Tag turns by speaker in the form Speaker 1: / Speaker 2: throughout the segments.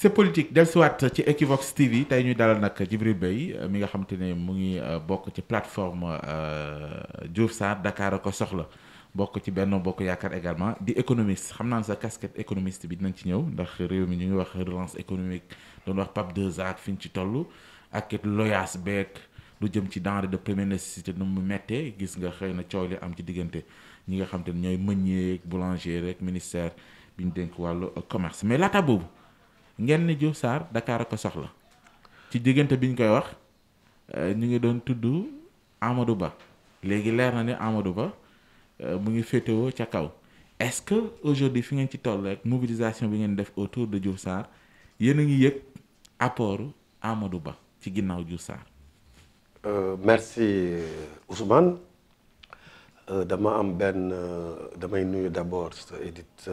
Speaker 1: c'est politique dellusiwaat ci Equivox yi tey ñu dalal nag Djibril Beye mi nga xamante ne mu ngi euh, bokk ci plateforme euh, Diouf Sarr Dakar a ko soxla bokk ci Benno Bokk Yaakaar également di économiste xam naa sa casquette économiste bi dinañ ci ñëw ndax réew mi ñu ngi wax relance économique doon wax PAP ak fi ñu ci toll ak it loyaas beeg lu jëm ci denrée de première nécessité nu mu méttee gis nga xëy na coow li am ci diggante ñi nga xam ne ñooy meunier boulanger rek ministère bi ñu dénk wàllu commerce mais laata boobu. ngeen ni Diouf Sarr Dakar a soxla ci diggante bi ñu koy wax euh, ñu ngi doon tudd Amadou Ba léegi leer na ni Amadou Ba euh, mu ngi féetewoo ca kaw est-ce que aujourd'hui fi ngeen ci toll rek mobilisation bi ngeen def autour de Diouf Sarr yéen a ngi yëg apport Amadou Ba ci ginnaaw Diouf Sarr.
Speaker 2: Euh, merci Ousmane dama am benn damay nuyu d'abord sa édite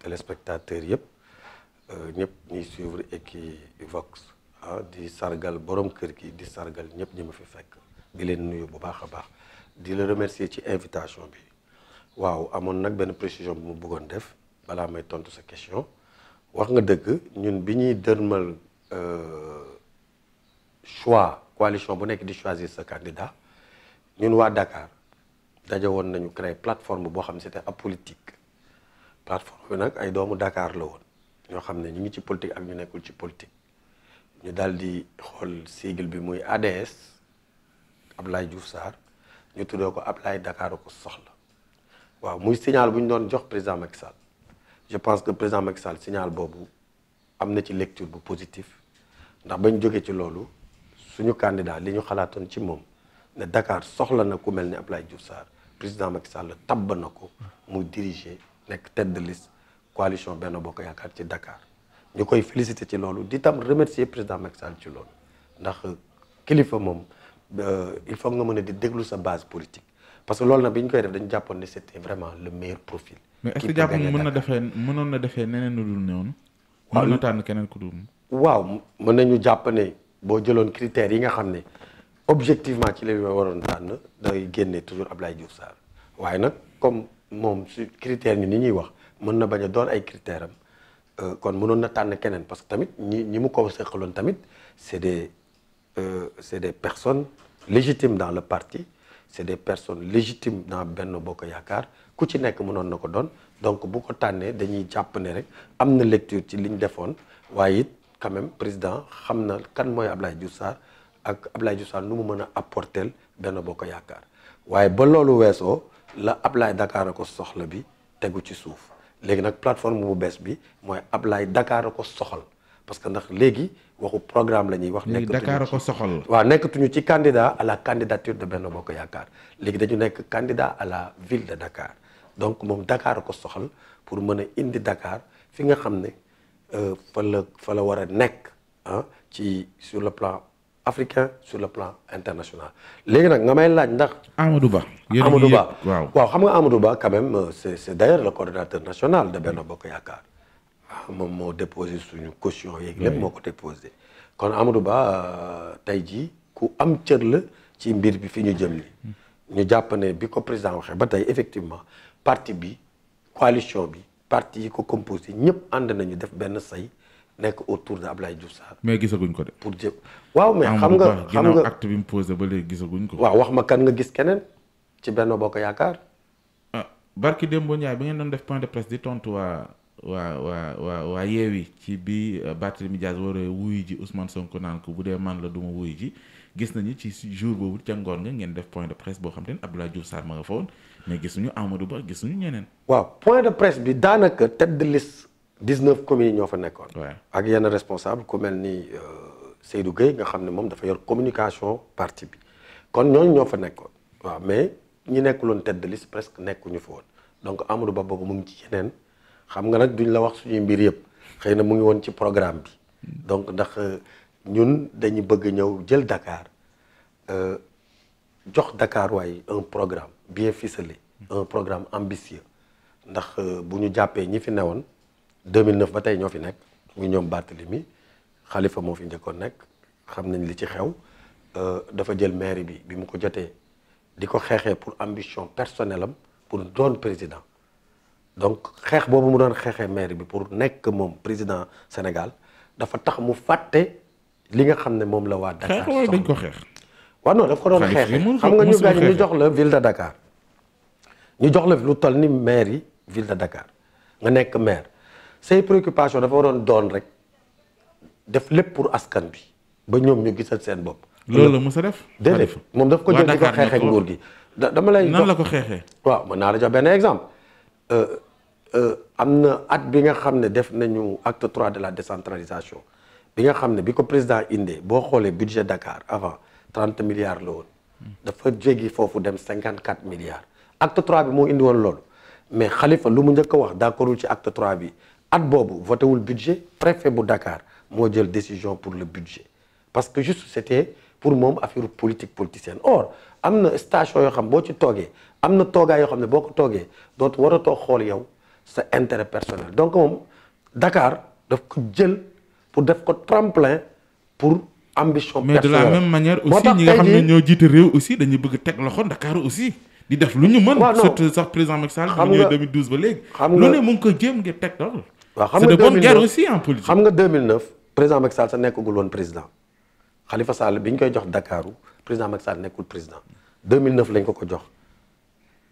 Speaker 2: téléspectateur yëpp. ñëpp ñuy suivre Equivox ah di sargal borom kër gi di sargal ñëpp ñi ma fi fekk di leen nuyu bu baax a baax di la remercier ci invitation bi waaw amoon nag benn précision bu mu bëggoon def balaa may tontu sa question wax nga dëgg ñun bi ñuy dërmal euh, choix coalition bu nekk di choisir sa candidat ñun waa dakaar daje woon nañu créer plateforme boo xam ne c'était apolitique plateforme bi nag ay doomu dakaar la woon. ñoo xam ne ñu ngi ci politique ak ñu nekkul ci politique ñu daal di xool sigle bi muy ADS Ablaye Diouf Sarr ñu tuddee ko Ablaye Dakar ko soxla waaw muy signal bu ñu doon jox président Macky Sall je pense que président Macky Sall signal boobu am na ci lecture bu positif ndax bañ jógee ci loolu suñu candidat li ñu xalaatoon ci moom ne dakaar soxla na ku mel ni Ablaye Diouf saar président Macky Sall tabb na ko muy diriger nekk tête de coalition Benno Bokk Yaakaar ci dakaar ñu koy féliciter ci loolu di tam remercier président Macky Sall ci loolu ndax kilifa moom euh, il faut nga mën a di déglu sa base politique parce que loolu nag bi ñu koy def dañu jàppoon ne c'était vraiment le meilleur profil. mais est-ce que jàpp nga mën
Speaker 1: na defee mënoon na defee neneen lu dul waaw mën na
Speaker 2: keneen ku dul. waaw mën nañu jàpp ne boo jëloon critères yi nga xam ne objectivement ci la waroon tànn day génne toujours Ablaye Diouf waaye nag comme moom su critères yi ni ñuy wax. mën na bañ a doon ay critères am euh, kon mënoon na tànn keneen parce que tamit ñi ñi mu ko seqaloon tamit c'est des euh, c'est des personnes légitimes dans le parti c'est des personnes légitimes dans Benno Bokk Yaakaar ku ci nekk mënoon na ko doon donc bu ko tànnee dañuy jàpp ne rek am na lecture ci liñ defoon waaye it quand même président xam na kan mooy Ablaye Diouf Sarr ak Ablaye Diouf Sarr nu mu mën a apporter Benno Bokk Yaakaar waaye ba loolu weesoo la Ablaye Dakar a ko soxla bi tegu ci suuf léegi nag plateforme bu bees bi mooy Ablaye Dakar a ko soxal parce que ndax léegi waxu programme la ñuy wax. léegi Dakar
Speaker 1: soxal. waaw nekkatuñu
Speaker 2: ci candidat à la candidature de Benno Bokk Yaakaar léegi dañu nekk candidat à la ville de Dakar donc moom Dakar a ko soxal pour mën a indi dakaar fi nga xam ne euh, fa la fa la war a nekk ah ci sur le plan. africain sur le plan international léegi nag nga may laaj ndax. Amadou Ba Amadou Ba waaw xam nga Amadou Ba quand même euh, c'est c'est d'ailleurs le coordinateur national de benn Bokk Yaakaar ah, moom moo déposé suñu caution yeeg lépp moo ko déposé kon Amadou Ba euh, tey jii ku am cër la ci mbir bi fi ñu jëm ni ñu jàpp ne bi ko président waxee ba tey effectivement parti bi coalition bi parti yi ko composé ñëpp ànd nañu def benn say nekk autour de Ablaye Diouf Sarr.
Speaker 1: mais gisaguñ ko de.
Speaker 2: pour jë waaw mais xam nga xam nga acte
Speaker 1: bi mu posé ba léegi
Speaker 2: gisaguñ ko. waaw wax ma kan nga gis keneen ci benn bokk yaakaar. ah barki
Speaker 1: Demba Ndiaye bi ngeen doon def point de presse di tontu waa waa waa waa waa yeewi ci bi euh, Barthélemy Diaz war a wuyu ji Ousmane Sonko naan ko bu dee man la du ma wuyu ji gis nañu ci jour
Speaker 2: boobu ca ngoon nga ngeen def point de presse boo xam te ne Abdoulaye Diouf Sarr ma nga fa woon mais gisuñu Amadou 19 communes yi ñoo fa nekkoon. ak yenn responsable ku mel ni euh, Seydou Gueye nga xam ne moom dafa yor communication parti bi kon ñooñu ñoo fa nekkoon waaw mais ñi nekk loon de liste presque nekkuñu fa woon donc Amadou Ba boobu mu ngi ci yeneen xam nga nag duñu la wax suñuy mbir yëpp xëy na mu ngi woon ci programme bi donc ndax euh, ñun dañu bëgg ñëw jël Dakar euh, jox Dakar waaye un programme bien ficelé. un programme ambitieux ndax bu ñu jàppee ñi fi newoon. 2009 ba tey ñoo fi nekk muy ñoom Barthélemy xalifa moo fi njëkkoon nekk xam nañ li ci xew euh, dafa jël mairie bi bi mu ko jotee di ko xeexee pour ambition personnel am pour doon président donc xeex boobu mu doon xeexee mairie bi pour nekk moom président Sénégal dafa tax mu fàtte li nga xam ne moom la waa Dakar xeex dañ ko xeex waaw non daf ko doon xeexee xam nga ñu gaañ ñu jox la ville de Dakar ñu jox la lu toll ni mairie ville de Dakar nga nekk maire say préoccupation dafa waroon doon rek def lépp pour askan bi ba ñoom ñu gisal seen bopp. loolu la
Speaker 1: mos a moom daf ko jël di ko xeexee nguur gi.
Speaker 2: dama lay nan la ko xeexee. waaw mën naa la jox benn exemple. Euh, euh, am na at bi nga xam ne def nañu acte trois de la décentralisation bi nga xam ne bi ko président indee boo xoolee budget Dakar avant trente milliards la woon. dafa jéggi foofu dem cinquante quatre milliards. acte trois bi moo indi woon loolu mais Khalifa lu mu njëkk wax wax d'accordul ci acte trois bi. at boobu voté wul budget préfet bu dakaar moo jël décision pour le budget parce que juste c'était pour moom affaire politique politicienne or am na station yoo xam boo ci toogee am na toogaay yoo xam ne boo ko toogee donc waratoo xool yow sa intérêt personnel donc moom dakaar daf ko jël pour def ko tremplin pour ambition mais personnelle. de la même manière aussi ñi nga xam ne ñoo jiite
Speaker 1: réew aussi dañuy bëgg teg loxo Dakar aussi di def lu ñu mën surtout sax président Macky Sall bi ñëwee
Speaker 2: 2012 ba
Speaker 1: ko jéem ngir teg loxo
Speaker 2: waaw xam nga 2009 c'est de bonne guerre aussi en politique. xam nga 2009 président Macky Sall sa nekkagul woon président xalifa Sall bi ñu koy jox dakaaru président Macky Sall nekkul président 2009 lañ ko ko jox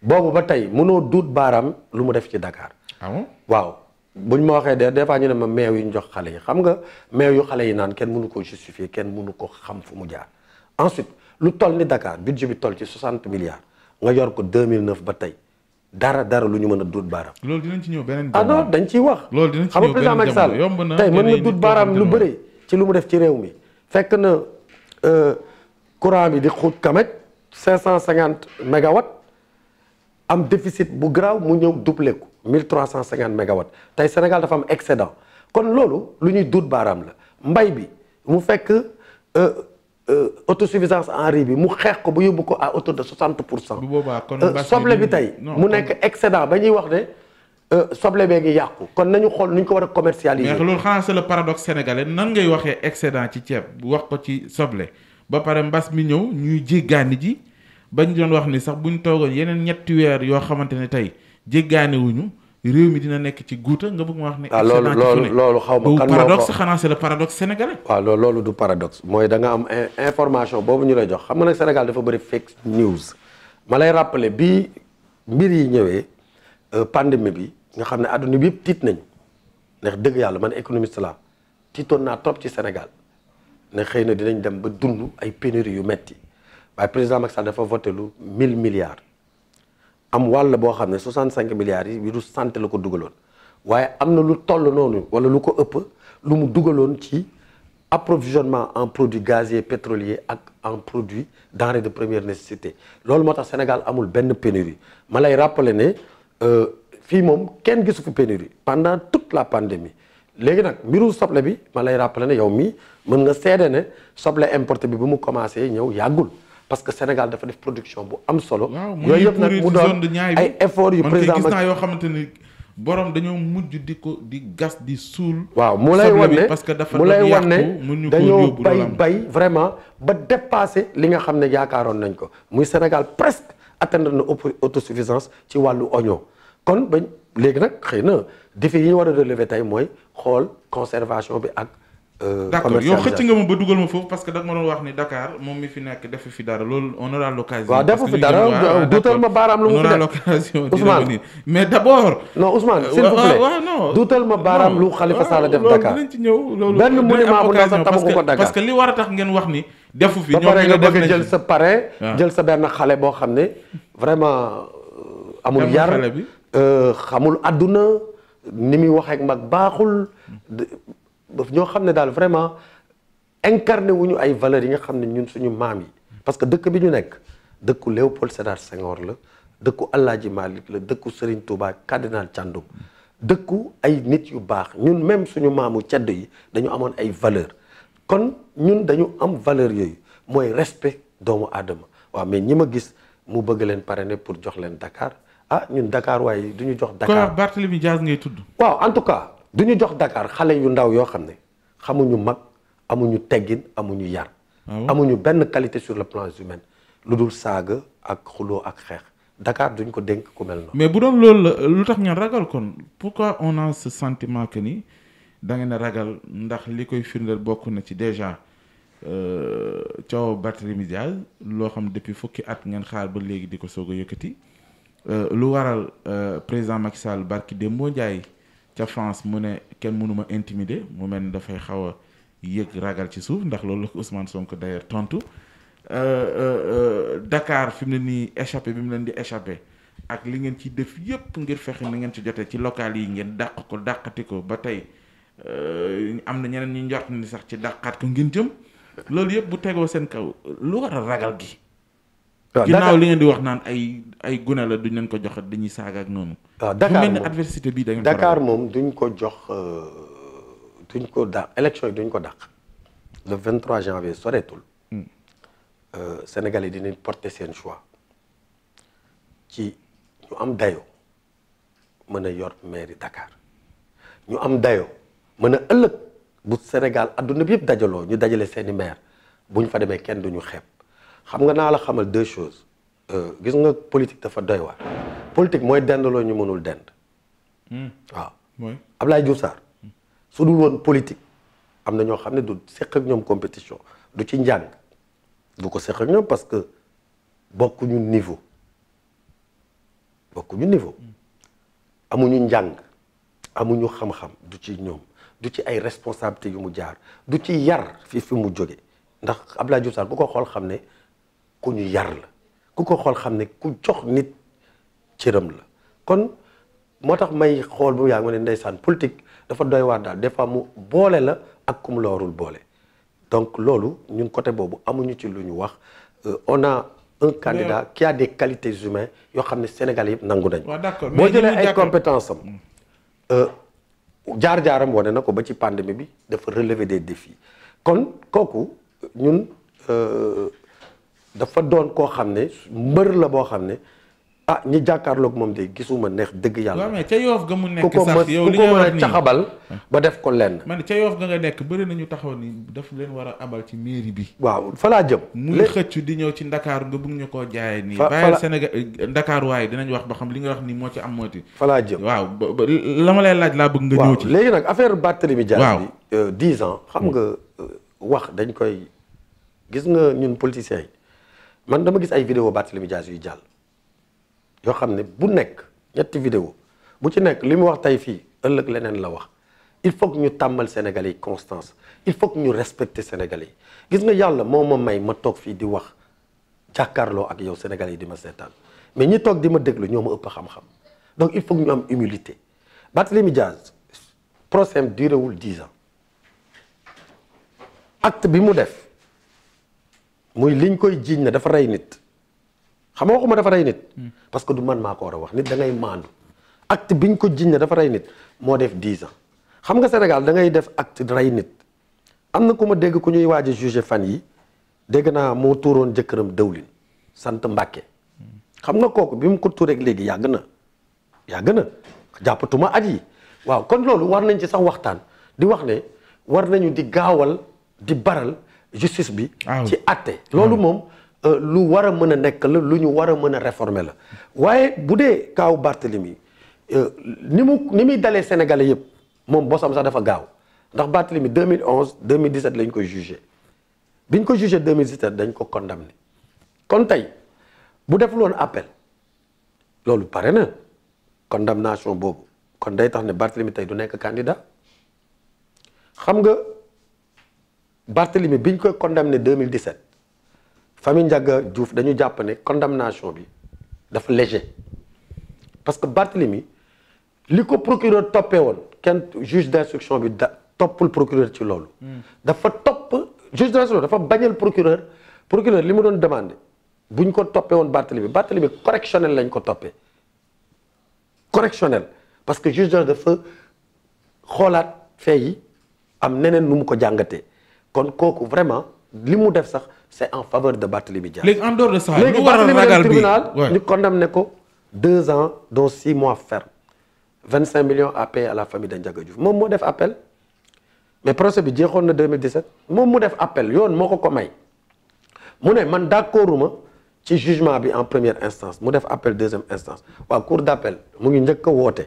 Speaker 2: boobu ba tey mënoo duut baaraam lu mu def ci Dakar. Ah waaw bu ñu ma waxee de des fois ñu ne ma meew yi ñu jox xale yi xam nga meew yu xale yi naan kenn munu ko justifier kenn mënu ko xam fu mu jaar. ensuite lu toll ni Dakar budget bi toll ci 60 milliards nga yor ko 2009 ba tey. dara dara lu ñu mën a duut baaraam.
Speaker 1: loolu dinañ ci ñëw beneen ah dañ
Speaker 2: ciy wax. loolu dinañ ci ñëw beneen jamono xam nga président Macky Sall tey mën na duut baaraam lu bëri ci lu mu def ci réew mi fekk na euh, courant bi di xuut kamaj 550 mégawatts am déficit bu garaaw mu ñëw doublé ko 1350 mégawatts tey Sénégal dafa am excédent kon loolu lu ñuy duut baaraam la mbay bi mu fekk. Euh, Euh, autosuffisance en riz bi mu xeex ko ba yóbbu ko à hauteur de 60 pour cent. bu boobaa kon euh, soble bi tey mu nekk excédent ba ñuy wax ne. Euh, soble bee ngi yàqu kon nañu xool nu ñu ko war a commercialiser. mais loolu
Speaker 1: xanaa c'est le paradoxe sénégalais nan ngay waxee excédent ci ceeb bu wax ko ci soble ba pare mbas mi ñëw ñuy jéggaani ji bañ doon wax ni sax bu ñu toogoon yeneen ñetti weer yoo xamante ne tey jéggaani réew mi dina nekk ci guuta nga bëgg ma wax ne. ah loolu loolu loolu xaw ma kan moo paradoxe xanaa
Speaker 2: c'est le paradoxe sénégalais. waaw loolu du paradox mooy da nga am information boobu ñu lay jox xam nga nag senegal dafa bëri fake news ma lay rappeler bi mbir yi ñëwee euh, pandémie bi nga xam ne adduna bi yëpp tiit nañu ndax dëgg yàlla man économiste laa tiitoon naa trop ci Sénégal ne xëy na dinañ dem ba dund ay pénurie yu metti waaye président Macky Sall dafa voté am wàll boo xam ne cinq milliards yi mi mbiru santé la ko dugaloon waaye am na lu toll noonu wala lu ko ëpp lu mu dugaloon ci approvisionnement en produit gaziers pétrolier ak en produit denrées de première nécessité loolu moo tax Sénégal amul benn pénurie ma lay rappeler ne euh, fii moom kenn gisu fi pénurie pendant tout la pandémie léegi nag mbiru soble bi ma lay rappeler ne yow mii mën nga seede ne soble importe bi bu mu commencé ñëw yàggul parce que Sénégal dafa def production bu am solo. yooyu yëpp nag mu doon ay effort yu président man gis naa yoo xamante ni borom dañoo mujj di ko di gas di suul. waaw mu lay wan ne parce que dafa doon yàqu dañoo bay bay vraiment ba dépassé li nga xam ne yaakaaroon nañ ko muy Sénégal presque atteindre na autosuffisance ci wàllu oignon kon ba léegi nag xëy na défi yi ñu war a relever tey mooy xool conservation bi ak. Euh, d' accord yow xëcc nga
Speaker 1: ma ba dugal ma foofu parce que da nga ma doon wax ni Dakar moom mi fi nekk defu fi dara loolu on aura l'occasion waaw defu fi dara duutal ma baaraam lu mu fi def on aura l'occasion Ousmane mais d' abord. non Ousmane s'il vous plaît waaw non duutal ma baaraam lu Khalifa Sall def Dakar loolu dinañ ci ñëw loolu benn monument bu ndaw sax tabaxu ko Dakar parce que li war a tax ngeen wax ni. defu fi ñoom ñu ne def nañ jël sa
Speaker 2: pare jël sa benn xale boo xam ne vraiment euh, amul yar euh, xamul àdduna ni muy waxee ak mag baaxul ñoo xam ne daal vraiment incarné wuñu ay valeurs yi nga xam ne ñun suñu maam yi parce que dëkk bi ñu nekk dëkku Léopold Sédar Senghor la dëkku Alaaji Malick la dëkku Serigne Touba cardinal Thiandoum dëkku ay nit yu baax ñun même suñu maamu cedd yi dañu amoon ay valeur kon ñun dañu am valeur yooyu mooy respect doomu aadama waaw mais ñi ma gis mu bëgg leen pare ne pour jox leen Dakar ah ñun Dakar waaye du ñu jox Dakar Barthélemy Diaz ngay tudd waaw du ñu jox dakaar xale yu ndaw yoo xam ne xamuñu mag amuñu teggin amuñu yar. Ah amuñu benn qualité sur le plan humain lu dul saaga ak xuloo ak xeex Dakar duñ ko dénk ku mel noonu.
Speaker 1: mais bu doon loolu la lu tax ngeen ragal kon pourquoi on a ce sentiment que ni da ngeen a ragal ndax li koy firndeel bokk na ci déjà euh, coow Barthélémy Dias loo xam depuis fukki at ngeen xaar ba léegi di ko soog a yëkkati euh, lu waral euh, président Macky Sall barki Demba Ndiaye. ca France mu ne kenn mënuma intimider mu mel ni dafay xaw a yëg ragal ci suuf ndax loolu la ko Ousmane Sonko d'ailleurs tontu euh, euh, euh, Dakar fi mu ne nii échappé bi mu leen di échappé ak li ngeen ci def yëpp ngir fexe ni ngeen ci jotee ci local yi ngeen dàq ko dàqati ko ba tey am na ñeneen ñu njort ni sax ci dàqaat ko ngeen jëm loolu yépp bu tegoo seen kaw lu war a ragal gi waaw ginnaaw li ngeen di wax naan ay ay gune la duñ leen ko jox dañuy saagaak noonu. waaw Dakar moom adversité bi dañu
Speaker 2: moom duñ ko jox euh, duñ ko dàq élection yi duñ ko dàq. le 23 janvier soreetul. Hmm. Euh, Sénégal yi dinañ porter seen choix ci ñu am dayoo mën a yor mairie Dakar ñu am dayoo mën a ëllëg bu Sénégal adduna bi yëpp dajaloo ñu dajale seeni maire bu fa demee kenn duñu xepp xam nga naa la xamal deux choses euh, gis nga politique dafa doy waa politique mooy dendaloo ñu mënul dend. Hmm. waaw mooy Ablaye su dul woon politique am na ñoo xam ne du seq ak ñoom compétition du ci njàng du ko seq ak ñoom parce que bokkuñu niveau bokkuñu niveau hmm. amuñu njàng amuñu xam-xam du ci ñoom du ci ay responsabilités yu mu jaar du ci yar fii fi mu jóge ndax Ablaye Diouf Sarr bu ko xool xam ne. ku ñu yar la ku ko xool xam ne ku jox nit cëram la kon moo tax may xool bu yaa ma ne ndeysaan politique dafa doy waar daal des fois mu boole la ak ku mu boole donc loolu ñun côté boobu amuñu ci lu ñu wax euh, on a un candidat ki a des qualités humaines yoo xam ne Sénégal yëpp nangu nañ boo jëlee ay compétence am mm. euh, jaar-jaaram ne na ko ba ci pandémie bi dafa relever des défis kon kooku ñun euh, dafa doon koo xam ne mbër la boo xam ne ah ñi jàkkaarlook moom de gisuma neex dëgg yàlla. waaw
Speaker 1: mais ca yoof ga mu nekk sax yow li nga wax nii ku
Speaker 2: ba def ko lenn.
Speaker 1: man ca yoof ga nga nekk bëri nañu taxaw ni daf leen war a abal ci mairie bi.
Speaker 2: waaw falaa laa jëm. muy
Speaker 1: xëccu di ñëw ci Ndakaar nga bëgg ñu koo jaayee nii. fa bàyyi Sénégal Ndakaar waaye dinañ wax ba xam li nga wax nii moo ci am moo
Speaker 2: fa laa jëm waaw la ma lay laaj laa bëgg nga. ñëw ci léegi nag affaire Barthélémy Dias bi. Euh, dix ans xam nga euh, wax dañ koy gis nga ñun politiciens yi man dama gis ay vidéo Barthélémy Dias yu jàll yoo xam ne bu nekk ñetti vidéo bu ci nekk li mu wax tey fii ëllëg leneen la wax il faut ñu tàmmal Sénégalais yi constance il faut ñu respecter Sénégalais yi gis nga yàlla moo ma may ma toog fii di wax jàkkaarloo ak yow sénégal yi di ma seetaan mais ñu toog di ma déglu ñoo ma ëpp xam-xam donc il faut ñu am humilité Barthélémy Dias procès am durewul dix ans acte bi mu def muy liñ koy jiiñ ne dafa rey nit xam nga waxuma dafa rey nit. Hmm. parce que du man maa ko war a wax nit da ngay maandu acte biñ ko jiiñ ne dafa rey nit moo def 10 ans xam nga Sénégal dangay def acte rey nit am na ku ma dégg ku ñuy waaj a jugé fan yi dégg naa moo tuuroon jëkkëram dëwlin sant Mbàkke hmm. xam nga kooku bi mu ko tuureeg léegi yàgg na yàgg na jàppatuma at yi waaw kon loolu war nañ ci sax waxtaan di wax ne war nañu di gaawal di baral. justice bi. Ah ci àtte loolu ah moom euh, lu war a mën a nekk la lu ñu war a mën a réformer la waaye bu dee kaaw Barthélemy euh, ni mu ni muy dalee Sénégalais yëpp moom bosam sax dafa gaaw ndax Barthélemy 2011 2017 lañ koy jugé biñ ñu ko jugé 2017 dañ ko condamné kon tey bu def loolu appel loolu pare na condamnation boobu kon day tax ne Barthélemy tey du nekk candidat xam nga. Barthélemy bi ñu koy condamné 2017 famille Ndiaga Diouf dañu jàpp ne condamnation bi dafa léger parce que Barthélemy li ko procureur toppee woon kenn juge d'instruction bi da toppul procureur ci loolu. dafa topp juge d'instruction dafa bañal procureur procureur li mu doon demandé bu ñu ko toppee woon Barthélemy Barthélemy correctionnel lañ ko toppee correctionnel parce que juge dafa xoolaat fee yi am neneen nu mu ko jàngatee. kon kooku vraiment li mu def sax c' est en faveur de Barthélémy Dias. léegi en dehors de ça léegi Barthélémy dem tribunal ñu condamné ko deux ans dont six mois ferme vingt cinq millions à payer à la famille de Ndiaga Diouf moom moo def appel mais procès bi jeexoon na 2017 moom mu def appel yoon moo ko ko may mu ne man d' accorduma ci jugement bi en première instance mu def appel deuxième instance waaw cour d' mu ngi njëkk a woote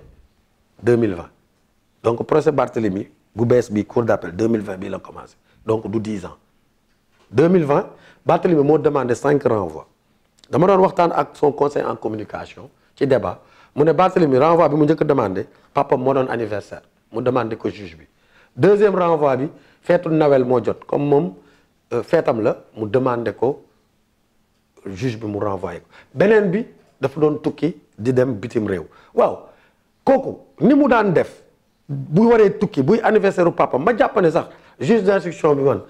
Speaker 2: 2020 donc procès Barthélémy bu bees bi cour d' appel 2020 bii commencé. donc du 10 ans 2020 Barthélemy moo demandé 5 renvois dama doon waxtaan ak son conseil en communication ci débat mu ne Barthélemy renvoi bi mu njëkk demandé papa moo doon anniversaire mu demandé ko juge bi deuxième renvoi bi feetu nawel moo jot comme moom euh, feetam la mu demandé ko juge bi mu renvoyé ko beneen bi dafa doon tukki di dem bitim réew waaw kooku ni mu daan def buy waree tukki buy anniversaire u papa ma jàpp ne sax juge d'instruction bi man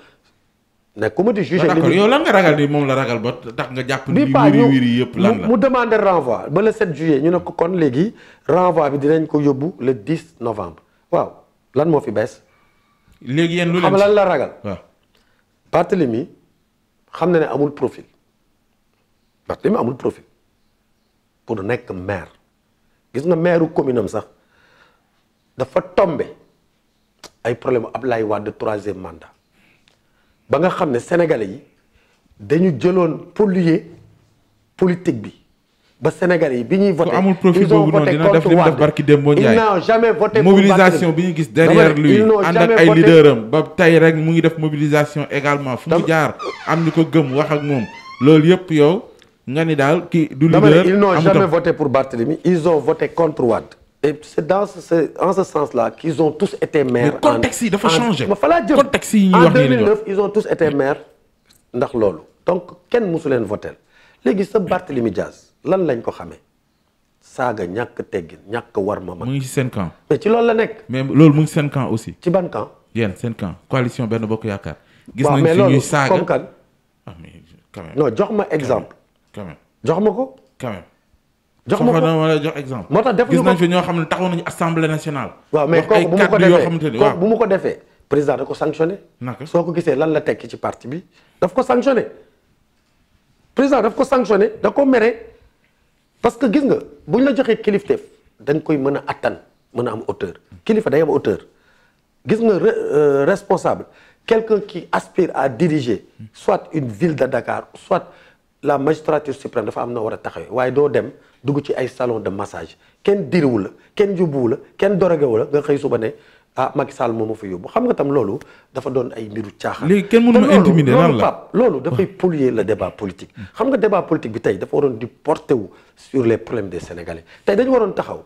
Speaker 2: nekkuma di juge. Ah, d'accord yow lan nga ragal ni moom la ragal ba tax nga jàpp ni wiri wiri yëpp lan mu demandé renvoi ba le 7 juillet ñu ne ko kon léegi renvoi bi dinañ ko yóbbu le 10 novembre waaw lan moo fi bees. léegi yéen lu leen xam lan la ragal. waaw Barthélemy xam na ne amul profil Barthélemy amul profil pour nekk maire gis nga maire commune am sax dafa tombe ay problème Ablaye Wade troisième mandat ba nga xam ne sénégalais yi dañu jëloon polluer politique bi ba sénégalais yi bi ñuy voté. amul profil boobu def li mu def
Speaker 1: barki Dembo Ndiaye ils
Speaker 2: n'ont mobilisation bi ñu gis derrière lui ànd ak ay leader am
Speaker 1: ba tey rek mu ngi def mobilisation également fu mu jaar am ñu ko gëm wax ak moom loolu yëpp yow
Speaker 2: nga ni daal kii. du leader ils n'ont jamais voté pour Barthélemy ils ont voté contre Wade. et dans ce en ce sens là qu' ils ont tous été dafa changé. ma fa laa jëm contexte yi ñuy wax en 2009 ils ont tous été maires ndax loolu. donc kenn mosu leen voté léegi sa Barthélemy Diaz lan lañ ko xame saaga ñàkk teggin ñàkk war ma mag.
Speaker 1: mu ngi ci seen camp. mais ci loolu la nekk. mais loolu mu ngi seen camp aussi. ci ban camp. yéen seen camp coalition benn bokk yaakaar. gis nañ fi ñuy saaga
Speaker 2: ah, jox ma exemple.
Speaker 1: quand jox ma ko. jox ma ko wala
Speaker 2: jox exemple. moo tax defuñu ko gis nañ fi ñoo xam ne taxaw nañu assemblée nationale. waaw mais kooku bu mu ko defee yoo xamante ko defee président da ko sanctionné. naka soo ko gisee lan la tekki ci parti bi daf ko sanctionné président daf ko sanctionné da ko mere parce que gis nga bu ñu la joxee kilifteef da nga koy mën a attan mën a am hauteur kilifa day am hauteur gis nga euh, responsable quelque qui aspire à diriger soit une ville de Dakar soit. la magistrature suprême dafa am na war a taxawee waaye doo dem dugg ci ay salon de massage kenn diriwu la kenn jubbuwu la kenn dorogewu la nga xëy suba ne ah Macky Sall moom ma fa yóbbu xam nga tam loolu dafa doon ay mbiru caaxaan. léegi kenn mënu ma intimider lan la loolu dafay polluer le débat politique. xam nga débat politique bi tey dafa waroon di porter wu sur les problèmes des sénégalais tey dañu waroon taxaw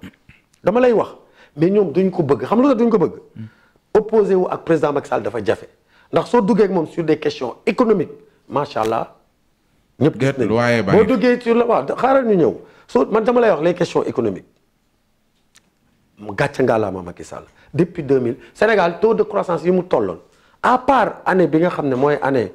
Speaker 2: dama lay wax mais ñoom duñ ko bëgg xam nga lu tax duñ ko bëgg. opposé wu ak président Macky Sall dafa jafe ndax soo duggee moom sur des questions économiques macha allah. ñëpp gis nañu waaye boo duggee ci la waaw xaaral ñu ñëw soo man dama lay wax les questions économiques mu gàcce ngaalaama Macky Sall depuis 2000 Sénégal taux de croissance yi mu tolloon à part année bi nga xam ne mooy année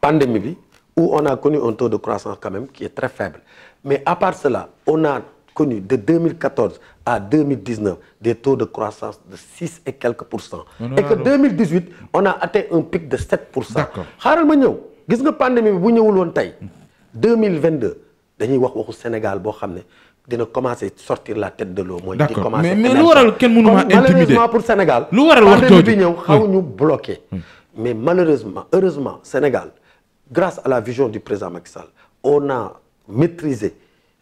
Speaker 2: pandémie bi où on a connu un taux de croissance quand même qui est faible mais à part cela on a connu de 2014 à 2019 des taux de croissance de 6 et quelques pour cent. et que 2018 on a atteint un pic de 7 pour cent. D'accord ma ñëw. gis nga pandémie bi bu ñëwul loon tey deux mille vingt deux dañuy wax waxu Sénégal boo xam ne dina commencer sortir la tête de l'eau mooy di commencer mais lu waral kenn mënu ma malheureusement pour Sénégal lu waral wax jooju pandémie bi ñëw xaw ñu bloqué mais malheureusement heureusement Sénégal grâce à la vision du président Macky Sall on a maîtrisé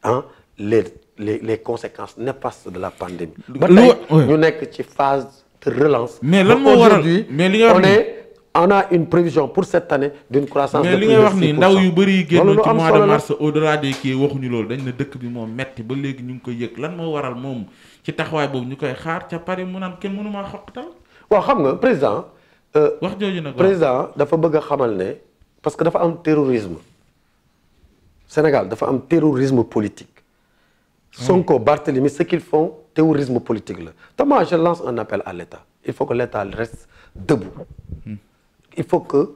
Speaker 2: ah les les les conséquences néfastes de la pandémie ba tey ñu nekk ci phase de relance mais lan moo waral mais li nga wax on a une prévision pour cette année d'une croissance mais de plus de 6 pour cent mais li nga wax ni ndaw yu bëri yi génnoon ci mois de mars
Speaker 1: au delà des waxuñu loolu dañ ne dëkk bi moo metti ba léegi ñu ngi koy yëg lan moo waral moom ci taxawaay boobu ñu koy xaar ca Paris mu naan kenn mënu maa xoqtal.
Speaker 2: waaw xam nga président. Euh, wax jooju nag président dafa bëgg a xamal ne parce que dafa am terrorisme Sénégal dafa am terrorisme politique. Sonko Barthélemy ce qu'ils font terrorisme politique la te moi je lance un appel à l'État il faut que l'État reste debout. il faut que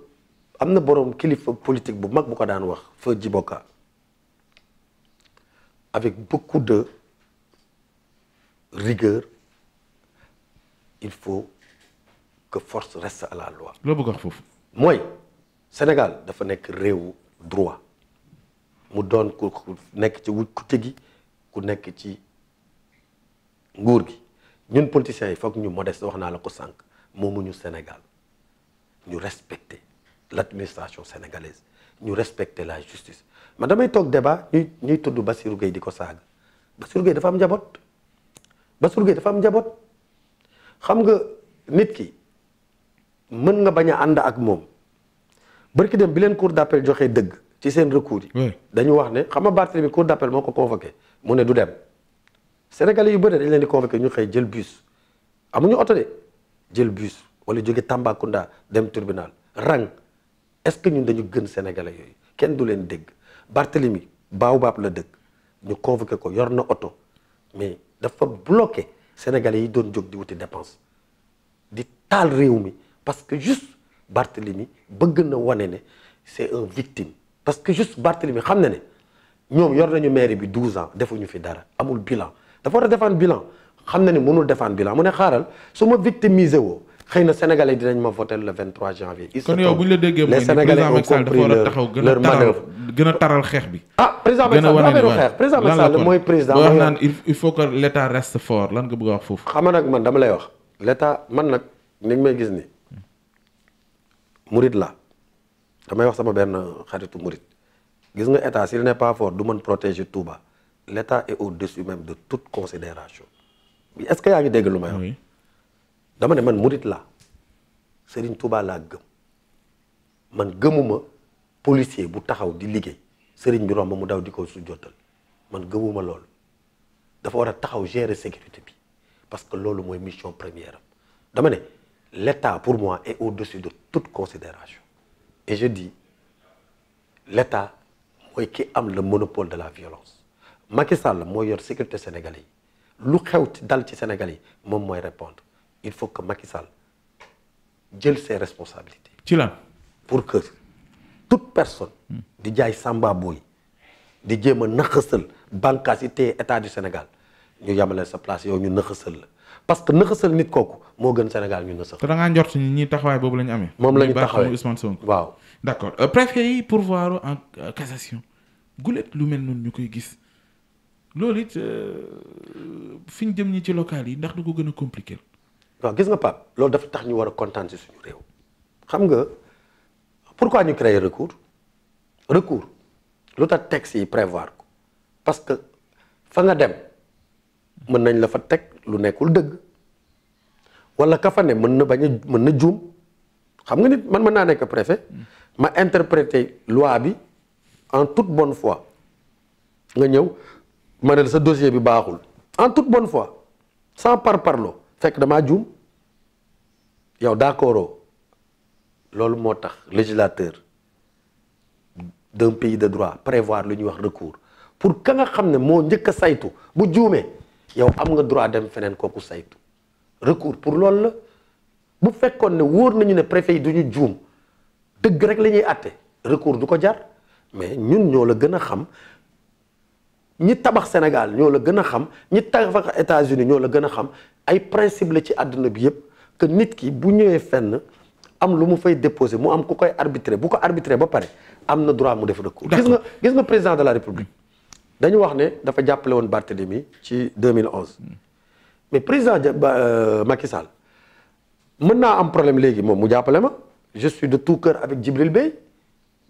Speaker 2: am na boroom kilifa politique bu mag bu ko daan wax feu Djiboka avec beaucoup de rigueur il faut que force reste à la loi. loo bëgg wax foofu. mooy Sénégal dafa nekk réew droit mu doon ku nekk ci wut ku tegi ku nekk ci nguur gi ñun politiciens yi foog ñu modeste wax naa la ko sànq moomuñu Sénégal. ñu respecter l'administration sénégalaise ñu respecter la justice ma damay toog débat ñuy ñuy tudd Bassirou Gueye di ko saag Bassirou Gueye dafa am njaboot Bassirou Gueye dafa am njaboot xam nga nit ki mën nga bañ ànd ak moom barki dem bi leen cour d'appel joxe dëgg ci seen recours yi. dañu wax ne xam nga Barthélemy cour d'appel moo ko convoqué mu ne du dem Sénégalais yu bëri dañ leen di convoqué ñu xëy jël bus amuñu oto de jël bus. wala jóge Tambacounda dem tribunal rang est-ce que ñun dañu gën sénégalais yooyu kenn du leen dégg baaw baab la dëkk ñu convoqué ko yor na oto mais dafa bloqué sénégalais yi doon jóg di wuti dépense di taal réew mi parce que juste Barthélemy bëgg na wane ne c'est un victime parce que juste Barthélemy xam na ne ñoom yor nañu mairie bi 12 ans defuñu fi dara amul bilan dafa war a defaan bilan xam na ne mënul defaan bilan mu ne xaaral su ma victimiser woo xëy na sénégalais dinañ ma voter le 23 janvier. il kon yow bu ñu la déggee mooy président Macky a taxaw taral xeex bi. ah président Macky Sall affaire mooy président. wax naan il faut que l' état reste fort lan nga bëgg a wax foofu. xam nag man dama lay wax l' man nag ni may gis ni murit la damay wax sama benn xaritu murit gis nga état s'il n'est pas fort du mën protéger Touba l' et est au-dessus même de toute considération est-ce que yaa ngi dégg lu may wax. dama ne man murit la Serigne Touba laa gëm man gëmuma policier bu taxaw di liggéey Serigne bi romb mu daw di ko su jottal man gëmuma loolu dafa war a taxaw gérer sécurité bi parce que loolu mooy mission première am dama ne l'État pour moi et au-dessus de toute considération et je dis l'État mooy ki am le monopole de la violence Macky Sall mooy yor sécurité sénégal yi lu xew dal ci sénégalais yi moom mooy répondre il faut que Macky Sall jël see responsabilités. ci lan pour que toute personne. di jaay Samba Boy di jéem a nëxësal bànqaas yi te état du Sénégal ñu yamale sa place yow ñu nëxësal la parce que nëxësal nit kooku moo gën Sénégal ñu nëxësal.
Speaker 1: te da ngaa njort ñi ñii taxawaay boobu la ñu amee. moom la ñu taxawee
Speaker 2: Ousmane Sonko waaw. d' accord euh, préfet yi pourvoir en euh, cassation
Speaker 1: gulet lu mel noonu ñu koy gis. loolu it euh, fi ñu jëm ñi ci
Speaker 2: local yi ndax du ko gën a compliqué. waa gis nga Pape loolu dafa tax ñu war a kontaan si suñu réew xam nga pour quoi ñu créer recours recours lu tax texte yi prévoir ko parce que fa nga dem mën nañ la fa teg lu nekkul dëgg wala ka ne mën na bañ a mën na juum xam nga nit man mën naa nekk préfet ma interpréter loi bi en toute bonne fois nga ñëw ma ne sa dossier bi baaxul en toute bonne foi sans parparloo fekk damaa juum yow d'accord loolu moo tax législateur d'un pays de droit prévoir lu ñuy wax recours pour ka nga xam ne moo njëkk a saytu bu juumee yow am nga droit dem feneen kooku saytu recours pour loolu la bu fekkoon ne wóor nañu ne préfet yi du ñu juum dëgg rek lañuy ñuy àtte recours du ko jar mais ñun ñoo la gën a xam ñi tabax Sénégal ñoo la gën a xam ñi tabax États-Unis ñoo la gën a xam ay principe ci àdduna bi yëpp que nit ki bu ñëwee fenn am lu mu fay déposé mu am ku koy arbitré bu ko arbitré ba pare am na droit mu def recours gis nga gis nga président de la république dañu wax ne dafa jàppale woon Barthélemy ci 2011 hmm. mais président euh, Macky Sall mën naa am problème léegi moom mu jàppale ma je de tout cœur avec Djibril Bey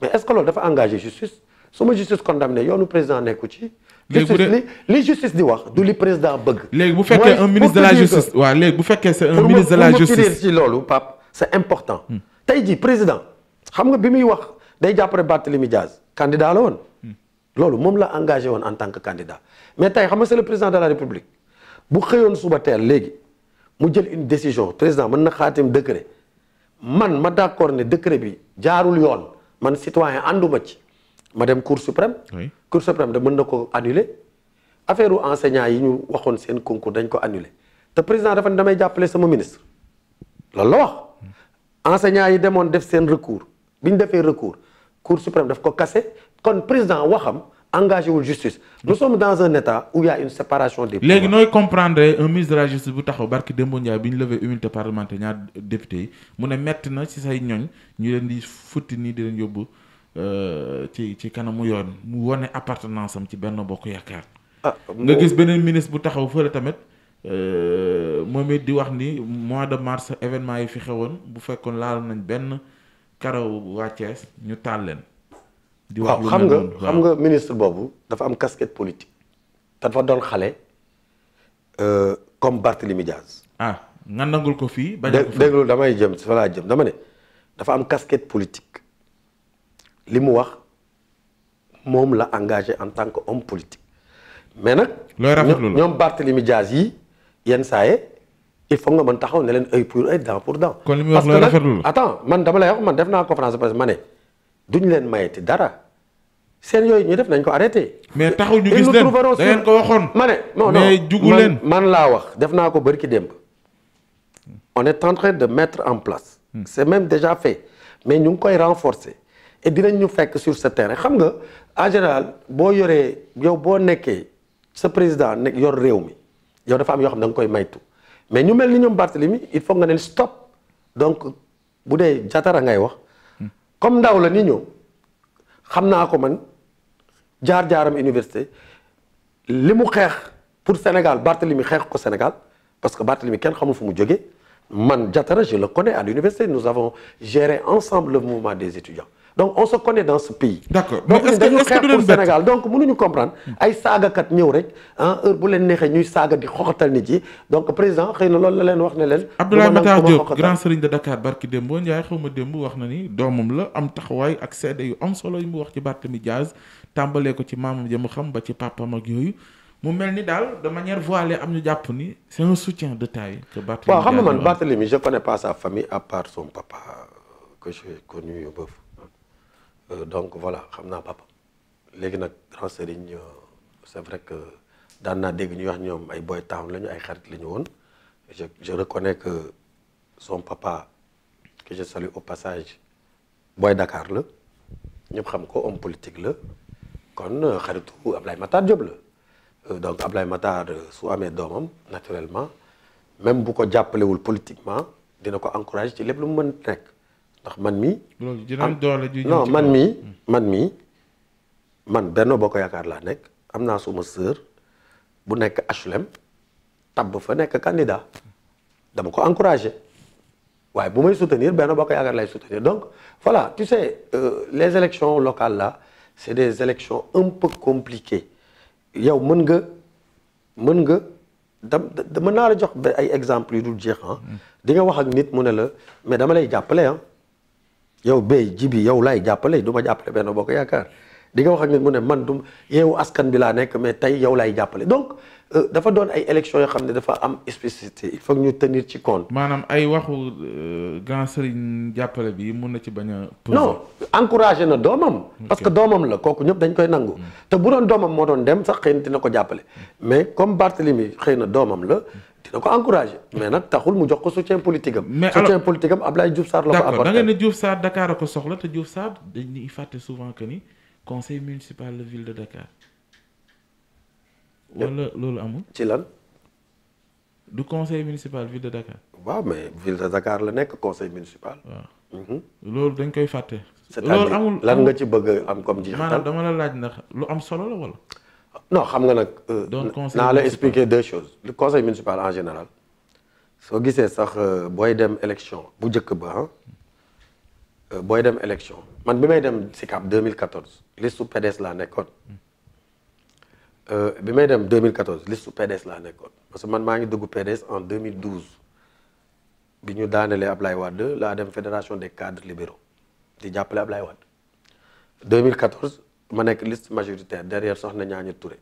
Speaker 2: mais est-ce dafa engagé justice su ma justice condamné yoonu président nekku ci léegi li li justice di wax du li président bëgg. léegi bu fekkee un ministre de la justice
Speaker 1: fekkee c'est un ministre de la justice
Speaker 2: loolu pap c'est important. Hmm. tey jii président xam nga bi muy wax day jàppale Barthélémy Diaz candidat la woon. Hmm. loolu moom la engagé woon en tant que candidat mais tey xam nga c'est le président de la République bu xëyoon suba teel léegi mu jël une décision président mën na xaatim décret man ma d'accord ne décret bi jaarul yoon man citoyen ànduma ci. ma dem cour suprême. oui cour suprême da mën na ko annuler affaire enseignant yi ñu waxoon seen concours dañ ko annuler te président dafa ne damay jàppale sama ministre loolu la wax enseignant yi demoon def seen recours bi ñu defee recours cour suprême daf ko kase kon président waxam engagé wul justice nous sommes dans un état où il une séparation des
Speaker 1: léegi nooy comprendre un ministre a la justice bu taxaw barki Demba Ndiaye bi ñu levé immunité parlementaire ñaar député yi mu ne metti na ci say ñu leen di futti nii di leen yóbbu Euh, ci ci kanamu yoon mu wane appartenance am ci benn bokk yaakaar. Ah, nga gis beneen ministre bu taxaw fële tamit euh, moom it di wax ni mois de mars événement yi fi xewoon bu fekkoon laal nañ benn karaw waa Thiès ñu taal leen.
Speaker 2: di wax oh, xam nga xam nga ministre boobu dafa am casquette politique. dafa doon xale. Euh, comme barte Barthélemy Diaz.
Speaker 1: ah nga nangul ko fii. bañ a déglu
Speaker 2: damay jëm fa laa jëm dama ne dafa am casquette politique. li mu wax moom la engagé en tant que homme politique mais nag. looy rafetlu la ñoom Barthélemy Diaz yi yenn saa yi il faut nga man taxaw ne leen ay pour œil dent pour dent. li muy wax looy rafetlu la parce que attends man dama lay wax man def naa conférence parce que ma ne duñ leen mayeti dara seen yooyu ñu def nañ ko arrêté. mais taxaw ñu gis leen da ngeen ko waxoon. ma ne non non leen man laa wax def naa ko bari ki démb. on en de mettre en place. Hmm. c'est même déjà fait mais ñu ngi koy renforcer. et dinañ ñu fekk sur ce terrain xam nga en général boo yoree yow boo nekkee sa président nekk yor réew mi yor dafa am yoo xam da nga koy maytu mais ñu mel ni ñoom Barthélemy il faut nga ne stop donc bu dee jatara ngay wax comme ndaw la ni ñëw xam naa ko man jaar-jaaram université li mu xeex pour Sénégal Barthélemy xeex ko Sénégal parce que Barthélemy kenn xamul fu mu jógee man jatara je le connais à l'université nous avons géré ensemble le mouvement des étudiants donc on se connaît dans ce pays. d'accord mais est-ce que dañu xeex pour Sénégal donc mënuñu comprendre ay saagakat ñëw rek ah, heure bu leen neexee ñuy saaga di xoxatal nit yi donc président xëy na loolu la leen wax ne leen. Abdoulaye Makhtar Diop grand
Speaker 1: serigne de Dakar barki Dembo Ndiaye xaw ma démb wax na ni doomam la am taxawaay ak seede yu am solo yu mu wax ci Barthélemy Diaz tàmbalee ko ci maamam ja xam ba ci papam ak yooyu. mu mel ni daal de manière voilée am ñu jàpp ni c'est un de taille que xam nga man Barthélemy
Speaker 2: je connais pas Euh, donc voilà xam naa papa léegi nag grand sëriñ euh, c'est vrai que daan naa dégg ñuy wax ñoom ay boy town lañu ay xarit lañu woon je je reconnais que son papa que je salue au passage boy Dakar la ñëpp xam ko homme politique la kon euh, xaritu Ablaye Matar Diop la donc Ablaye Matar su amee doomam naturellement même bu ko jàppalewul politiquement dina ko encourage ci lépp lu mu mën rek ndax man mii.
Speaker 1: non man mii
Speaker 2: hmm. man mii man Benno Bokk Yaakaar laa nekk am naa suma sœur bu nekk HLM ba fa nekk candidat dama ko encouragé waaye bu may soutenir Benno Bokk Yaakaar lay soutenir donc voilà tu sais euh, les élections locales la c'est des élections un peu compliquées yow mën nga mën nga da mën naa la jox ay exemples yu dul jeex ah hmm. di nga wax ak nit mu ne la mais dama lay jàppale ah yow bey jibi yow laay jàppale du ma jàppale benn bokk yaakaar di nga wax a nit mu ne man du yeewu askan bi laa nekk mais tey yow laay jàppale donc euh, dafa doon ay élections yoo xam ne dafa am spécificité il faut ñu tenir ci compte.
Speaker 1: maanaam ay waxu euh, grand sëriñ jàppale bi
Speaker 2: mun na ci bañ a. non encouragé na doomam. parce que doomam la kooku ñëpp dañ koy nangu. Mm. te bu doon doomam moo doon dem sax xëy na ko jàppale. Mm. mais comme Barthélemy xëy na doomam la. Mm. dina ko encouragé mais nag taxul mu jox ko soutien politique am. mais soutien politique am Ablaye Diouf Sarr la ko apporté. d'accord da ngeen ne
Speaker 1: Diouf Sarr Dakar a ko soxla te Diouf Sarr dañuy fàtte souvent que conseil municipal de ville de Dakar. wala loolu amul. ci lan. du conseil municipal ville de Dakar.
Speaker 2: waaw mais ville de Dakar la nekk conseil municipal. waaw mhm.
Speaker 1: loolu dañ koy fàtte. loolu amul lan nga ci
Speaker 2: bëgg am comme jiixtal maanaam
Speaker 1: dama la laaj ndax lu am
Speaker 2: solo la wala. non xam nga nag. Euh, donc conseil naa la expliquer deux choses le conseil municipal en général. soo gisee sax euh, booy dem élection bu njëkk ba Euh, booy dem élection man bi may dem SICAP 2014 liste su PDS laa nekkoon euh, bi may dem 2014 liste su PDS laa nekkoon parce que man maa ngi dugg PDS en 2012 bi ñu daanelee Ablaye Wade laa dem fédération des cadres libéraux di jàppale Ablaye Wade 2014 ma nekk liste majoritaire derrière Soxna Ñaaña Touré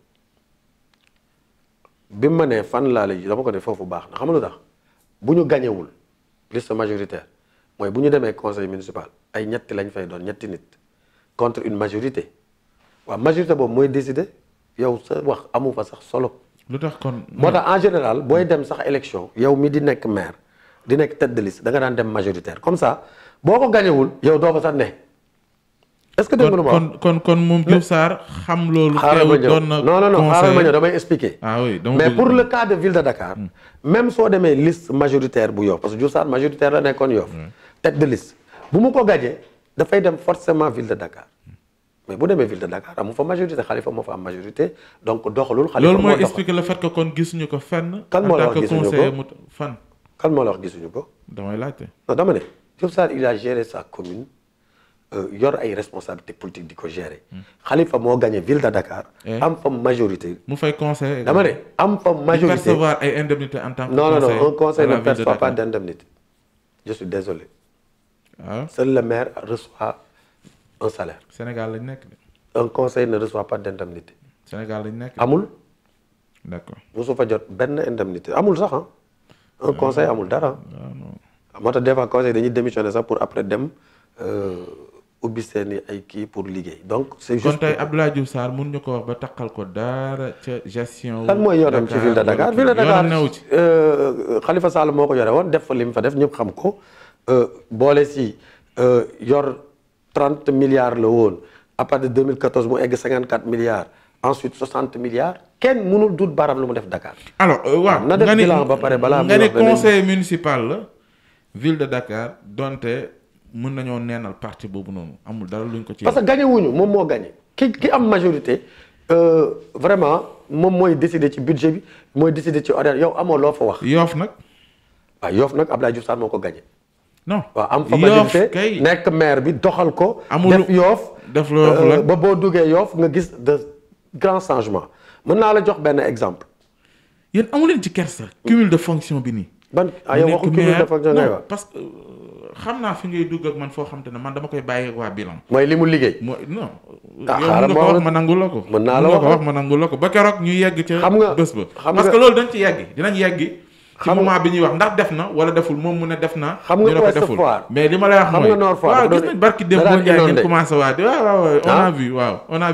Speaker 2: bi ma ne fan laa lay dama ko ne foofu baax na xam nga lu tax bu ñu gañewul list majoritaire. mooy bu ñu demee conseil municipal ay ñetti lañ fay doon ñetti nit contre une majorité waa majorité boobu mooy décider yow sa wax amu fa sax solo.
Speaker 1: lu tax kon moo
Speaker 2: tax en général booy dem sax élection yow mi di nekk maire di nekk tête de liste da nga daan dem majoritaire comme ça boo ko yow doo fa sax ne. est-ce que kon
Speaker 1: kon kon moom Diouf Sarr xam
Speaker 2: loolu. xaaral ma ñëw non xaaral ma damay expliquer. Ah mais pour le cas de ville de Dakar. Hmm. même soo demee list majoritaire bu Yoff parce que Diouf majoritaire la nekkoon Yoff tête de liste bu mu ko gagné dafay dem forcément ville de Dakar mais bu demee ville de Dakar amu fa majorité Khalifa moo fa am majorité donc doxalul. Khalifa moo doxal loolu mooy expliquer
Speaker 1: le fait que kon gisuñu ko fenn. kan moo la wax gisuñu ko fan.
Speaker 2: kan moo la wax gisuñu ko. damay laajte. non dama ne Diop Sarr il a géré sa commune euh, yor ay responsabilité politique di ko gérer. Hmm. Khalifa moo gagné ville de Dakar. Eh? am fa majorité. mu fay conseil. Eh? dama ne am fa majorité di percevoir
Speaker 1: ay indemnités en tant que. conseil non non non un conseil ne perçoit pas d'
Speaker 2: indemnité je suis désolé. Ah. seul le maire reçoit un salaire. Sénégal lañ nekk un conseil ne reçoit pas d' indemnité. Sénégal lañ nekk amul. d' accord mosu fa jot benn indemnité amul sax ah. un conseil amul dara. Ah, ah, moo tax des fois conseil dañuy démissionné sax pour après dem euh, ubbi seeni ay kii pour liggéey donc. c' est juste kon tey
Speaker 1: Abdoulaye Diouf ñu ko wax ba ko dara ca lan mooy yoonam ci ville de Dakar ville de Dakar yoonam
Speaker 2: ci. Euh, Khalifa Sall moo ko yore woon def fa li mu fa def ñëpp xam ko. Euh, boole si euh, yor 30 milliards la woon à partir mill 2014 mu egg 54 milliards ensuite 60 milliards kenn mënul dut baaraam lu mu def Dakar.
Speaker 1: alors euh, waaw na def bilan ba pare balaa nga ni conseil municipal la ville de Dakar donte. mun nañoo neenal parti boobu noonu amul dara luñ ko
Speaker 2: ci. parce que gagné moom moo gagné ki ki am majorité vraiment moom mooy décider ci budget bi mooy décider ci horaire yow amoo loo fa wax. yoof nag. waaw yoof nag Abdoulaye Diouf Sarr moo ko gagné. non waaw am fa majorité nekk maire bi doxal ko. def yoof def euh, ba boo duggee yoof nga gis de grands changements mën naa la jox benn exemple. yéen amu leen ci kersa. cumul de
Speaker 1: fonction bi nii. ban ah, yow waxu cumul que euh, xam naa fi ngay dugg ak man foo xam ne man dama koy bàyyi waa bilan. li mu liggéey. mooy non. Ah, yow nga ko ko. mën naa la wax ma nangul la ko ba keroog ñu yegg ca. xam nga bés ba parce que loolu dañ ci yegg dinañ yegg. ci moment bi ñuy wax ndax def na wala deful moom mu ne def na. xam nga Ouest Foire mais li ma lay wax mooy. xam nga waaw gis nañ barki démb boo jaay ngeen commencé ah. waaw on a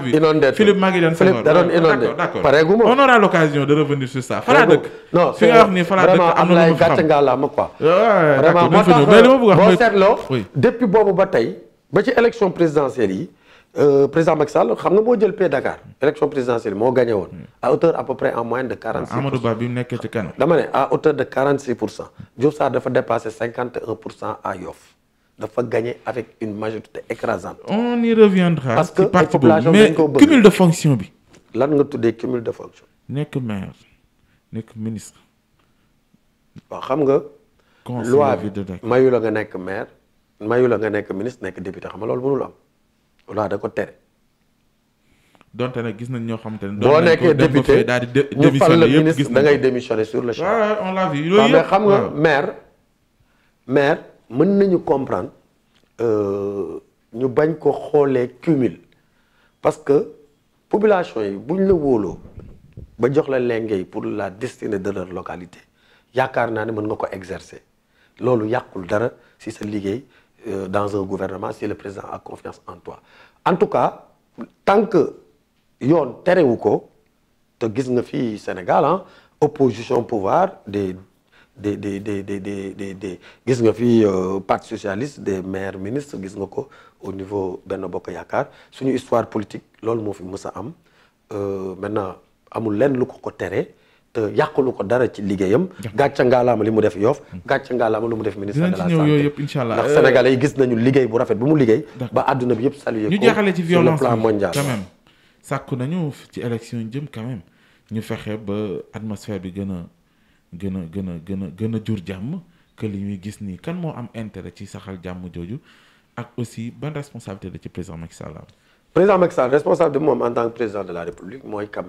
Speaker 1: d'accord pareegu ma de revenir sur ça. fala dëkk fi nga wax ni fala dëkk am na lu ma fi xam vraiment
Speaker 2: am ma quoi. vraiment moo tax boo seetloo. boobu ba tey ba ci élection présidentielle yi Euh, président Macky Sall xam nga boo jël P Dakar élection présidentielle moo gagné woon à hauteur à peu près en moyenne de 46 Amadou Ba
Speaker 1: bi mu nekkee ci kanam
Speaker 2: dama ne à hauteur de 46 pour cent Diouf dafa dépassé à Yoff dafa gagné avec une majorité écrasante.
Speaker 1: on y reviendra. parce que ay population mais cumul de fonction bi.
Speaker 2: lan nga tuddee cumul de fonction.
Speaker 1: nekk maire nekk ministre.
Speaker 2: waaw xam nga. loi bi mayu la nga nekk maire mayu la nga nekk ministre nekk député xam nga loolu mënul am. walla da ko tere.
Speaker 1: donte nag gis nañ
Speaker 2: ñoo xamante ne. boo nekkee député daal di ñu fal la ministre da ngay démissionner sur le champ. on l'a vu yooyu yëpp xam nga maire. maire mën nañu comprendre euh, ñu bañ ko xoolee cumul parce que population yi buñ la wóoloo ba jox la lengey pour la destinée de leur localité yaakaar naa ne mën nga ko exercer loolu yàqul dara ci sa liggéey. euh, dans un gouvernement si le président a confiance en toi en tout cas tant que yoon terewu ko te gis nga fi Sénégal ah opposition pouvoir de de des des des gis nga fii euh, parti socialiste des maire ministre gis nga ko au niveau Benno Bokk Yaakaar suñu histoire politique loolu moo fi mës a am euh, maintenant amul lenn lu ko ko tere Euh, yàqulu ko dara ci liggéeyam gàcca ngaalaama li mu def yoof gàcca ngaalaama lu mu def ministre de la santé
Speaker 1: ndax euh, sénégalais
Speaker 2: yi gis nañu liggéey bu rafet bu mu liggéey ba àdduna bi yëpp saluer ko sur le plan mondial quand même
Speaker 1: sàkku nañu ci élection jëm quand ñu fexe ba atmosphère bi gën a gën a gën a gën a jur jàmm que li ñuy gis nii kan moo am intérêt ci saxal jàmm jooju ak aussi ban responsabilité la ci président Macky Sall
Speaker 2: président Macky Sall responsable de moom en tant que président de la république mooy quand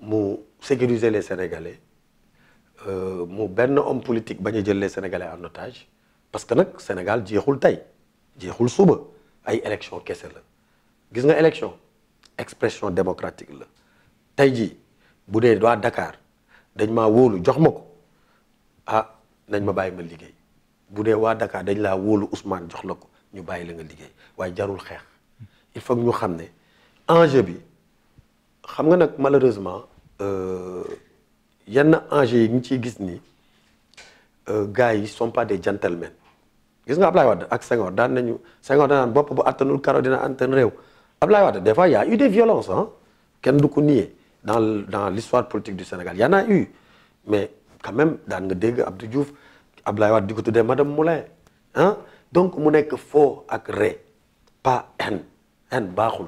Speaker 2: mu sécuriser les sénégalais euh, mu benn homme politique bañ jëlee jël sénégalais en otage parce que nag Sénégal jeexul tey jeexul suba ay élection kese la gis nga élection expression démocratique la tey ji bu dee waa dakaar dañ maa wóolu jox ma ko ah nañ ma bàyyi ma liggéey bu dee waa dakaar dañ laa wóolu Ousmane jox la ko ñu bàyyi la nga liggéey waaye jarul xeex il faut ñu xam ne enjeu bi xam nga nag malheureusement Euh, yenn enjeux yi ngi ciy gis ni euh, gars yi sont pas des gentlemen gis nga Ablaye Wade ak Senghor daan nañu Senghor daan bopp bu attanul karo dina antan réew Ablaye Wade des fois y a eu des kenn du ko nier dans dans l'histoire politique du Sénégal y a eu mais quand même daan nga dégg Abdou Diouf Ablaye Wade di ko tuddee madame Moulin ah donc mu nekk faux ak ré pas haine haine baaxul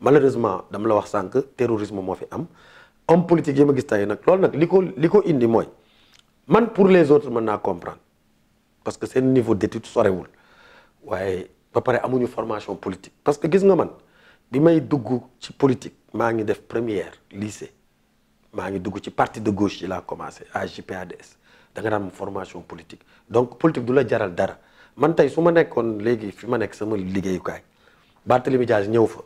Speaker 2: malheureusement dama la wax sànq terrorisme moo fi am homme politique yi ma gis tey nag loolu nag li ko li ko indi mooy man pour les autres man naa comprendre parce que seen niveau d'étude sorewul waaye ba pare amuñu formation politique parce que gis nga man bi may duggu ci politique maa ngi def première lycée maa ngi dugg ci parti de gauche yi laa commencé AJPADS da nga daan formation politique donc politique du la jaral dara man tey su ma nekkoon léegi fi ma nekk sama liggéeyukaay Barthélémy Dias ñëw fa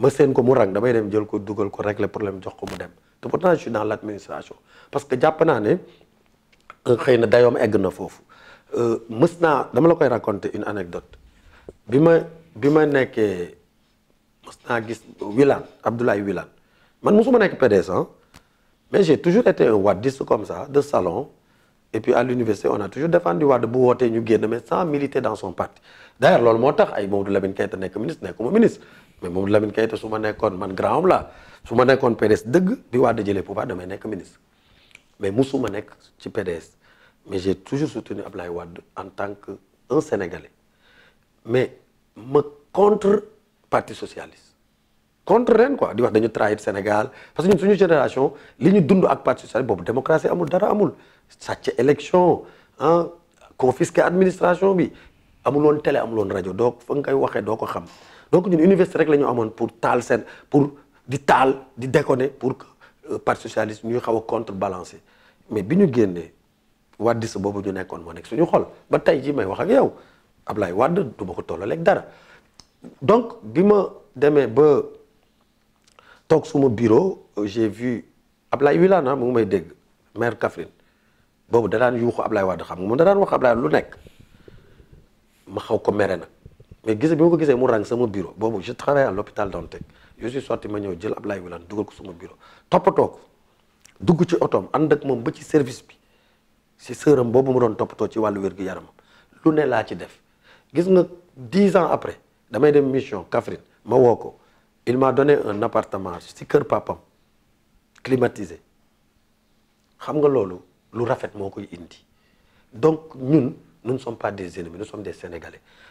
Speaker 2: ma seen ko mu rang damay dem jël ko dugal ko régler problème jox ko mu dem te pourtant je suis dans administration parce que jàppanaane naa euh, xëy na dayoom egg na foofu euh, mës naa dama la koy raconter une anecdote bi ma bi ma nekkee mës naa gis Wilane Abdoulaye Wilane man mosuma nekk PDS mais j'ai toujours été un wadiste comme ça de salon et puis à l'université on a toujours défendu Wade bu wootee ñu génn mais sans militer dans son parti d'ailleurs loolu moo tax ay Maodo Lamine nekk ministre nekkuma ministre mais moom Lamine Keita su ma nekkoon man grand homme la su ma nekkoon PDS dëgg bi waa dajale pouvoir damay nekk ministre mais musuma nekk ci PDS mais j'ai toujours ab Ablaye Wade en tant que un Sénégalais mais ma contre parti socialiste contre ren quoi di wax dañu trahir Sénégal parce que ñun suñu génération li ñu dund ak parti socialiste boobu démocratie amul dara amul sàcc élection ah confisquer administration bi amuloon télé amuloon rajo doo fa koy waxee doo ko xam donc ñun université rek la amoon pour taal seen pour di taal di déconner pour que euh, parti socialiste ñuy xaw a contre balancé mais bi ñu génnee wàddi sa boobu ñu nekkoon moo nekk suñu xol ba tey jii may wax ak yow Ablaye Wade du ma ko tollaleeg dara donc bi ma demee ba toog suma bureau euh, j'ai vu Ablaye Wilane mu ngi may dégg maire Kaffrine boobu da daan yuuxu Ablaye Wade xam nga moom da daan wax Ablaye lu nekk ma xaw ko mere mais gis bi ko gisee mu ràng sama bureau boobu je travaille à l'hôpital Dantec je suis sorti ma ñëw jël Ablaye Wilane dugal ko sama bureau toppatoo ko dugg ci otoom ànd ak moom ba ci service bi si sëram boobu mu doon toppatoo ci wàllu wér gu yaramam lu ne laa ci def gis nga dix ans après damay dem mission Kaffrine ma woo ko il m'a donné un appartement si kër papam climatisé xam nga loolu lu rafet moo koy indi donc ñun nous ne sommes pas des ennemis nous sommes des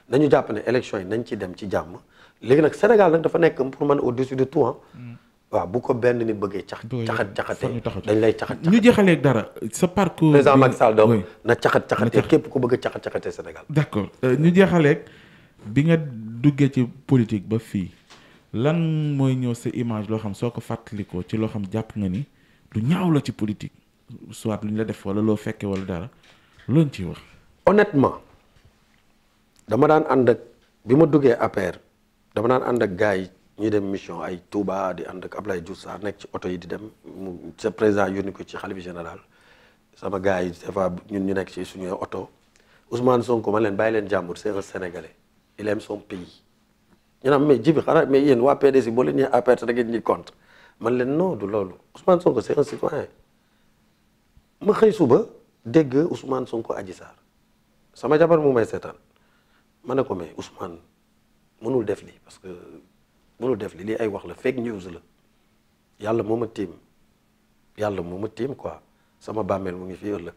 Speaker 2: nañu jàpp ne élection yi nañ ci dem ci jàmm léegi nag Sénégal nag dafa nekk pour man au-dessus de tout mm. waaw bu ko benn nit bëggee cax caxat caxatee dañ lay caxat ñu jeexalee dara sa parcours président Macky Sall donc na caxat caxatee képp ko bëgg a caxat caxatee Sénégal
Speaker 1: d'accord euh, ñu jeexaleeg bi nga duggee ci politique ba fii
Speaker 2: lan mooy ñëw sa image loo
Speaker 1: xam soo ko fàttalikoo ci loo xam jàpp nga ni lu ñaaw la ci politique soit lu ñu la def wala
Speaker 2: loo fekkee wala dara loñ ciy wax honnêtement dama daan ànd ak bi ma duggee APR dama daan ànd ak gars yi ñuy dem mission ay Touba di ànd ak lay Diouf saa nekk ci oto yi di dem mu sa président yónni ko ci xalifa général sama gars yi des fois ñun ñu nekk ci suñu oto Ousmane Sonko man leen bàyyi leen jàmbur c'est un sénégalais il aime son pays. ñu naan mais jibi xanaa mais yéen waa si boo leen ñëwee APR da ngeen ñuy compte man leen non du loolu Ousmane Sonko c'est un citoyen ma dégg Ousmane Sonko Adji Sarr sama jabar mu may seetaan ma ne ko mais Ousmane mënul def lii parce que mënul def li lii ay wax la fake news la yàlla moo ma tiim yàlla moo ma tiim quoi sama bàmmeel mu ngi fii ëllëg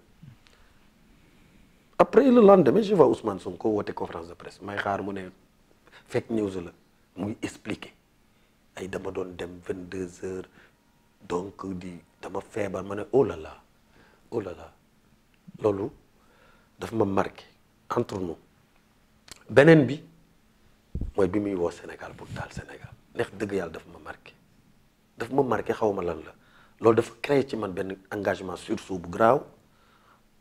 Speaker 2: après yi le lendemain je vois Ousmane Sonko woote conférence de presse may xaar mu ne fake news la muy expliquer ay dama doon dem vingt 22 heures donc di dama feebar ma ne oh la là oh loolu daf ma marqué. entre nous beneen bi mooy bi muy woo Sénégal pour taal Sénégal neex dëgg yàlla dafa ma marqué daf ma marqué xaw ma lan la loolu dafa créé ci man benn engagement sursaut bu graaw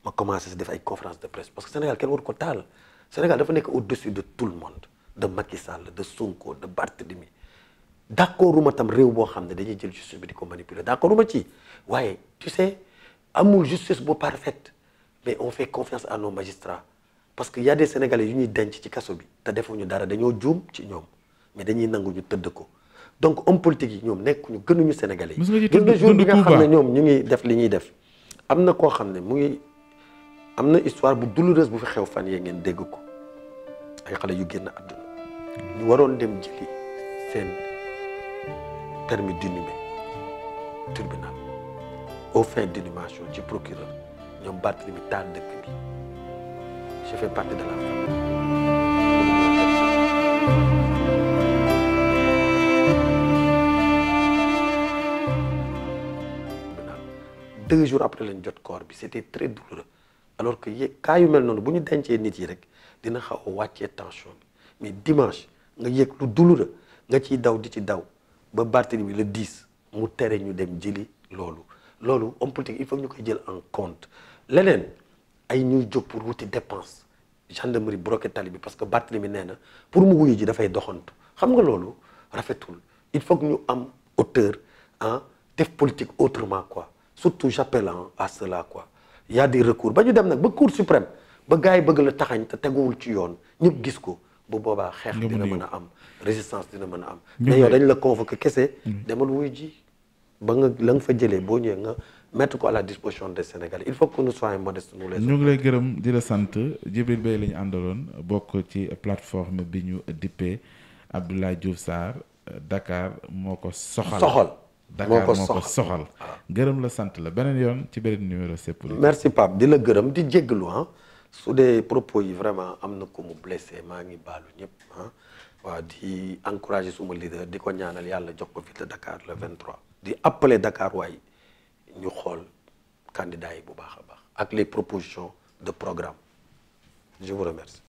Speaker 2: ma commencé si def ay conférence de presse parce que Sénégal kenn waru ko taal Sénégal dafa nekk au-dessus de tout le monde de Macky Sall de Sonko de Barthélemy d'accorduma tam réew boo xam ne dañuy jël justice bi di ko manipuler d'accorduma ci waaye tu sais amul justice bu parfaite mais on fait confiance à nos parce que y a yu ñuy denc ci kaso bi te defuñu dara dañoo juum ci ñoom mais dañuy nangu ñu tëdd ko donc homme politique yi ñoom nekk ñu gënuñu sénégalais yi gis nga jour bi nga xam ne ñoom ñu ngi def li ñuy def am na koo xam ne mu ngi am na histoire bu douloureuse bu fi xew fan yee ngeen dégg ko ay xale yu génn àdduna ñu waroon dem jëli seen permis d'inhumer tribunal au fin d'inhumation ci procureur ñoom Barthélémy taal dëkk bi je fais partie de deux jours après lañ jot corps bi c'était très douloureux alors que ye yu mel noonu bu ñu dencee nit yi rek dina xaw wàcce wàccee tension bi mais dimanche nga yëg lu douloureux nga ciy daw di ci daw ba bi le 10 mu tere ñu dem jëli loolu loolu homme politique il faut ñu koy jël en compte leneen ay ñu jóg pour wuti dépense gendarmerie bloqué tali bi parce que Barthélemy nee na pour mu wuyu ji dafay doxantu xam nga loolu rafetul il faut ñu am hauteur ah def politique autrement quoi surtout j'appelle à cela quoi ya y a ba ñu dem nag ba cour suprême ba gars yi bëgg la taxañ te teguwul ci yoon ñëpp gis ko bu boobaa xeex dina mën a am résistance dina mën a am mais yow dañ la convoqué kese mm. demal wuyu ji ba nga la nga fa jëlee boo ñëwee nga mettre ko à la disposition des Sénégalais il faut que nous soyons modestes nous les ñu ngi lay
Speaker 1: gërëm sant Djibril Bèye la ñu àndaloon bokk ci plateforme bi ñu dippee Abdoulaye Diouf Sarr Dakar moo ko soxal soxal Dakar moo ko soxal ah. gërëm la sant la beneen yoon ci beneen numéro C'est Politique merci
Speaker 2: Pape di la gërëm di jéggalu ah. su dee propos yi vraiment am na ko mu blessé maa ngi baalu ñëpp ah waaw di encourager suma leader di ko ñaanal yàlla jox ko fit de Dakar le 23 di appeler Dakar waaye ñu xool candidats yi bu baax a baax ak les propositions de programme je vous remercie